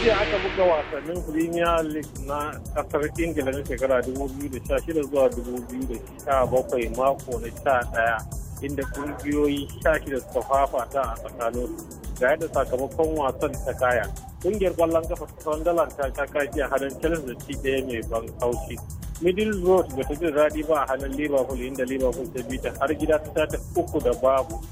jiya aka buga wasannin premier league na kasar ingila na shekara 2016 zuwa 2017 mako na 11 inda kungiyoyi 16 suka fafata a tsakanin ga yadda sakamakon wasan ta kaya kungiyar kwallon kafa ta sunderland ta ta kashi a hannun chelsea da ci daya mai ban kaushi middle road ba ta jin daɗi ba a hannun liverpool inda liverpool ta bi ta har gida ta tafi uku da babu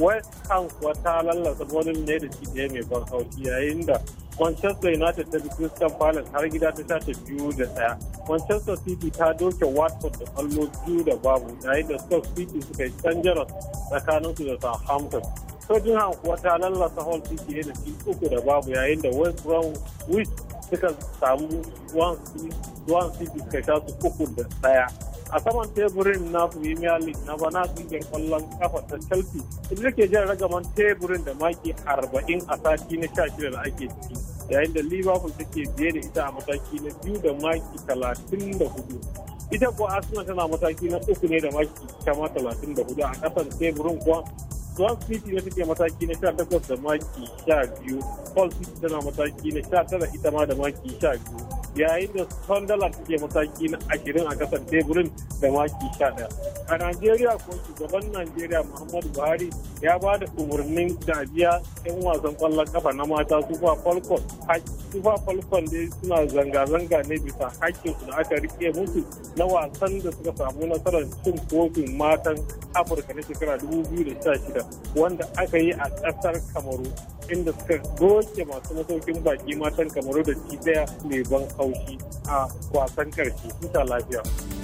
west ham kuwa ta lallasa bolin ne da shi mai ban hauki yayin da manchester united ta bi crystal palace har gida ta sha ta biyu da ɗaya manchester city ta doke watford da kallo biyu da babu yayin da stoke city suka yi tsakanin su da southampton Tottenham kuwa ta lallasa Hull City ne da ci uku da babu yayin da West Bromwich suka samu 1 City suka sha su uku da ɗaya. a saman teburin na premier league na bana kungiyar kwallon kafa ta chelsea inda ke jan ragaman teburin da maki arba'in a sati na sha shida da ake ciki yayin da liverpool take biye da ita a mataki na biyu da maki talatin da hudu ita kuwa arsenal tana mataki na uku ne da maki kama talatin da hudu a kasan teburin kuwa Swan City na take mataki na sha da maki sha biyu Hull City tana mataki na sha tara ita ma da maki sha biyu yayin da Sunderland ke mataki na ashirin a kasar teburin da maki sha daya A Najeriya ko shugaban Najeriya Muhammadu Buhari ya ba da umarnin dabiya 'yan wasan kwallon kafa na mata Super Falcon. Super Falcon dai suna zanga-zanga ne bisa hakkin su da aka rike musu na wasan da suka samu nasarar cin kofin matan Afirka na shekara 2016 wanda aka yi a kasar Kamaru. inda suka goce masu masaukin baki matan kamaru da ci mai ban haushi a wasan karshe. Ita lafiya.